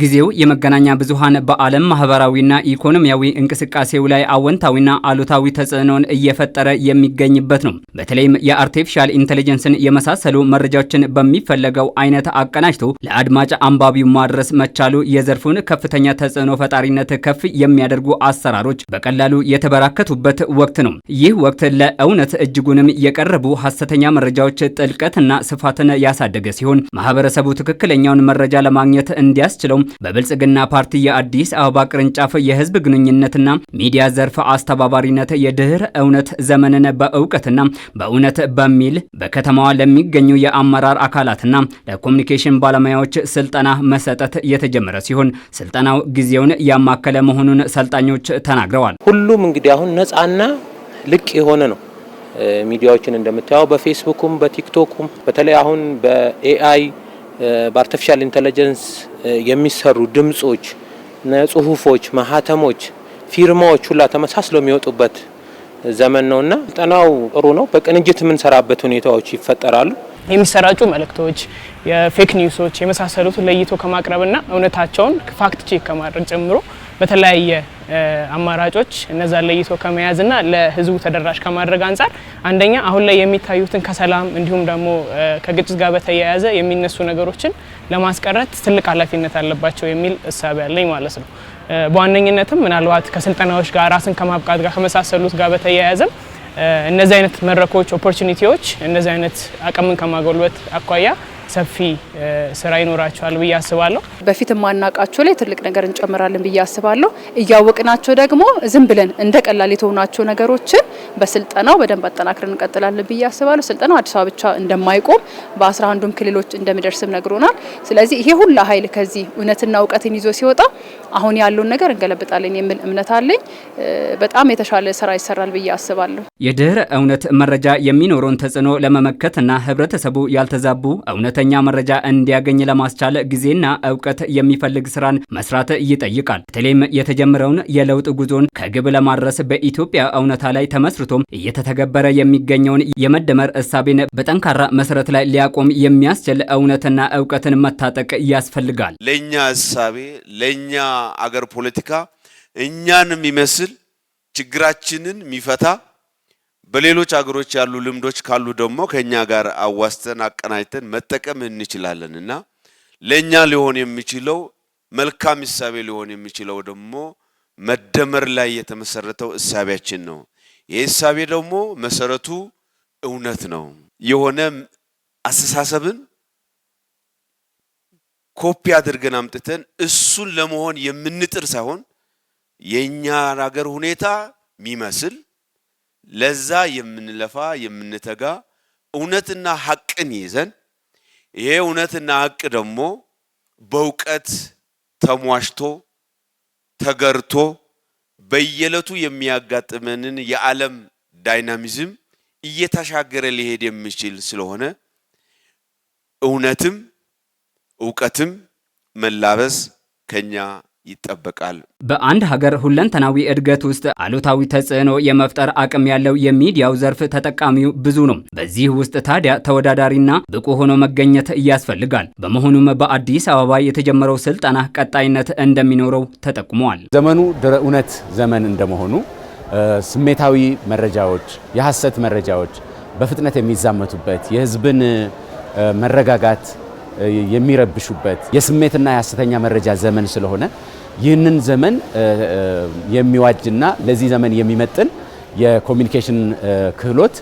ጊዜው የመገናኛ ብዙሃን በዓለም ማህበራዊና ኢኮኖሚያዊ እንቅስቃሴው ላይ አወንታዊና አሉታዊ ተጽዕኖን እየፈጠረ የሚገኝበት ነው። በተለይም የአርቲፊሻል ኢንቴሊጀንስን የመሳሰሉ መረጃዎችን በሚፈለገው አይነት አቀናጅቶ ለአድማጭ አንባቢው ማድረስ መቻሉ የዘርፉን ከፍተኛ ተጽዕኖ ፈጣሪነት ከፍ የሚያደርጉ አሰራሮች በቀላሉ የተበራከቱበት ወቅት ነው። ይህ ወቅት ለእውነት እጅጉንም የቀረቡ ሀሰተኛ መረጃዎች ጥልቀትና ስፋትን ያሳደገ ሲሆን ማህበረሰቡ ትክክለኛውን መረጃ ለማግኘት እንዲያስችለው በብልጽግና ፓርቲ የአዲስ አበባ ቅርንጫፍ የህዝብ ግንኙነትና ሚዲያ ዘርፍ አስተባባሪነት የድህር እውነት ዘመንን በእውቀትና በእውነት በሚል በከተማዋ ለሚገኙ የአመራር አካላትና ለኮሚኒኬሽን ባለሙያዎች ስልጠና መሰጠት የተጀመረ ሲሆን ስልጠናው ጊዜውን ያማከለ መሆኑን ሰልጣኞች ተናግረዋል። ሁሉም እንግዲህ አሁን ነጻና ልቅ የሆነ ነው። ሚዲያዎችን እንደምታየው በፌስቡኩም በቲክቶኩም በተለይ አሁን በኤአይ በአርቲፊሻል ኢንቴሊጀንስ የሚሰሩ ድምጾች፣ ጽሁፎች፣ ማህተሞች፣ ፊርማዎች ሁላ ተመሳስለው የሚወጡበት ዘመን ነውና ጠናው ጥሩ ነው። በቅንጅት የምንሰራበት ሁኔታዎች ይፈጠራሉ። የሚሰራጩ መልእክቶች፣ የፌክ ኒውሶች የመሳሰሉትን ለይቶ ከማቅረብና እውነታቸውን ፋክት ቼክ ከማድረግ ጀምሮ በተለያየ አማራጮች እነዛን ለይቶ ከመያዝና ለህዝቡ ተደራሽ ከማድረግ አንጻር አንደኛ አሁን ላይ የሚታዩትን ከሰላም እንዲሁም ደግሞ ከግጭት ጋር በተያያዘ የሚነሱ ነገሮችን ለማስቀረት ትልቅ ኃላፊነት አለባቸው የሚል እሳቤ ያለኝ ማለት ነው። በዋነኝነትም ምናልባት ከስልጠናዎች ጋር ራስን ከማብቃት ጋር ከመሳሰሉት ጋር በተያያዘም እነዚህ አይነት መድረኮች ኦፖርቹኒቲዎች፣ እነዚህ አይነት አቅምን ከማጎልበት አኳያ ሰፊ ስራ ይኖራቸዋል ብዬ አስባለሁ። በፊት የማናውቃቸው ላይ ትልቅ ነገር እንጨምራለን ብዬ አስባለሁ። እያወቅናቸው ደግሞ ዝም ብለን እንደ ቀላል የተሆናቸው ነገሮችን በስልጠናው በደንብ አጠናክረን እንቀጥላለን ብዬ አስባለሁ። ስልጠናው አዲስ አበባ ብቻ እንደማይቆም በአስራ አንዱም ክልሎች እንደሚደርስም ነግሮናል። ስለዚህ ይሄ ሁላ ኃይል ከዚህ እውነትና እውቀትን ይዞ ሲወጣ አሁን ያለውን ነገር እንገለብጣለን የሚል እምነት አለኝ። በጣም የተሻለ ስራ ይሰራል ብዬ አስባለሁ። የድህረ እውነት መረጃ የሚኖረውን ተጽዕኖ ለመመከትና ህብረተሰቡ ያልተዛቡ እውነተኛ መረጃ እንዲያገኝ ለማስቻል ጊዜና እውቀት የሚፈልግ ስራን መስራት ይጠይቃል። በተለይም የተጀመረውን የለውጥ ጉዞን ከግብ ለማድረስ በኢትዮጵያ እውነታ ላይ ተመስርቶም እየተተገበረ የሚገኘውን የመደመር እሳቤን በጠንካራ መሰረት ላይ ሊያቆም የሚያስችል እውነትና እውቀትን መታጠቅ ያስፈልጋል። ለእኛ እሳቤ ለእኛ አገር ፖለቲካ እኛን የሚመስል ችግራችንን የሚፈታ በሌሎች አገሮች ያሉ ልምዶች ካሉ ደግሞ ከኛ ጋር አዋስተን አቀናጅተን መጠቀም እንችላለን እና ለእኛ ሊሆን የሚችለው መልካም እሳቤ ሊሆን የሚችለው ደግሞ መደመር ላይ የተመሰረተው እሳቤያችን ነው። ይህ እሳቤ ደግሞ መሰረቱ እውነት ነው የሆነ አስተሳሰብን ኮፒ አድርገን አምጥተን እሱን ለመሆን የምንጥር ሳይሆን የእኛ ሀገር ሁኔታ የሚመስል ለዛ የምንለፋ የምንተጋ እውነትና ሀቅን ይዘን ይሄ እውነትና ሀቅ ደግሞ በእውቀት ተሟሽቶ ተገርቶ በየዕለቱ የሚያጋጥመንን የዓለም ዳይናሚዝም እየተሻገረ ሊሄድ የሚችል ስለሆነ እውነትም እውቀትም መላበስ ከኛ ይጠበቃል። በአንድ ሀገር ሁለንተናዊ እድገት ውስጥ አሉታዊ ተጽዕኖ የመፍጠር አቅም ያለው የሚዲያው ዘርፍ ተጠቃሚው ብዙ ነው። በዚህ ውስጥ ታዲያ ተወዳዳሪና ብቁ ሆኖ መገኘት ያስፈልጋል። በመሆኑም በአዲስ አበባ የተጀመረው ስልጠና ቀጣይነት እንደሚኖረው ተጠቁመዋል። ዘመኑ ድረ እውነት ዘመን እንደመሆኑ ስሜታዊ መረጃዎች፣ የሐሰት መረጃዎች በፍጥነት የሚዛመቱበት የህዝብን መረጋጋት የሚረብሹበት የስሜትና የሐሰተኛ መረጃ ዘመን ስለሆነ ይህንን ዘመን የሚዋጅና ለዚህ ዘመን የሚመጥን የኮሚኒኬሽን ክህሎት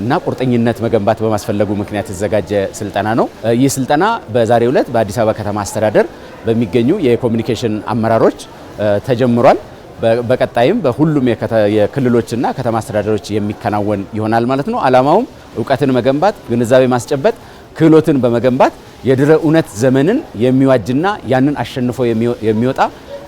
እና ቁርጠኝነት መገንባት በማስፈለጉ ምክንያት የተዘጋጀ ስልጠና ነው። ይህ ስልጠና በዛሬው ዕለት በአዲስ አበባ ከተማ አስተዳደር በሚገኙ የኮሚኒኬሽን አመራሮች ተጀምሯል። በቀጣይም በሁሉም የክልሎችና ከተማ አስተዳደሮች የሚከናወን ይሆናል ማለት ነው። ዓላማውም እውቀትን መገንባት፣ ግንዛቤ ማስጨበጥ ክህሎትን በመገንባት የድህረ እውነት ዘመንን የሚዋጅና ያንን አሸንፎ የሚወጣ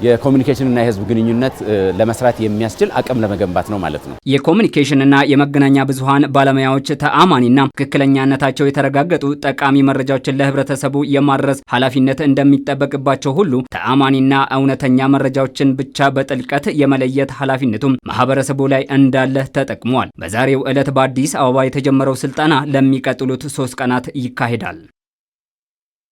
የኮሚኒኬሽንና የህዝብ ግንኙነት ለመስራት የሚያስችል አቅም ለመገንባት ነው ማለት ነው። የኮሚኒኬሽንና የመገናኛ ብዙሃን ባለሙያዎች ተአማኒና ትክክለኛነታቸው የተረጋገጡ ጠቃሚ መረጃዎችን ለህብረተሰቡ የማድረስ ኃላፊነት እንደሚጠበቅባቸው ሁሉ ተአማኒና እውነተኛ መረጃዎችን ብቻ በጥልቀት የመለየት ኃላፊነቱም ማህበረሰቡ ላይ እንዳለ ተጠቅሟል። በዛሬው ዕለት በአዲስ አበባ የተጀመረው ስልጠና ለሚቀጥሉት ሶስት ቀናት ይካሄዳል።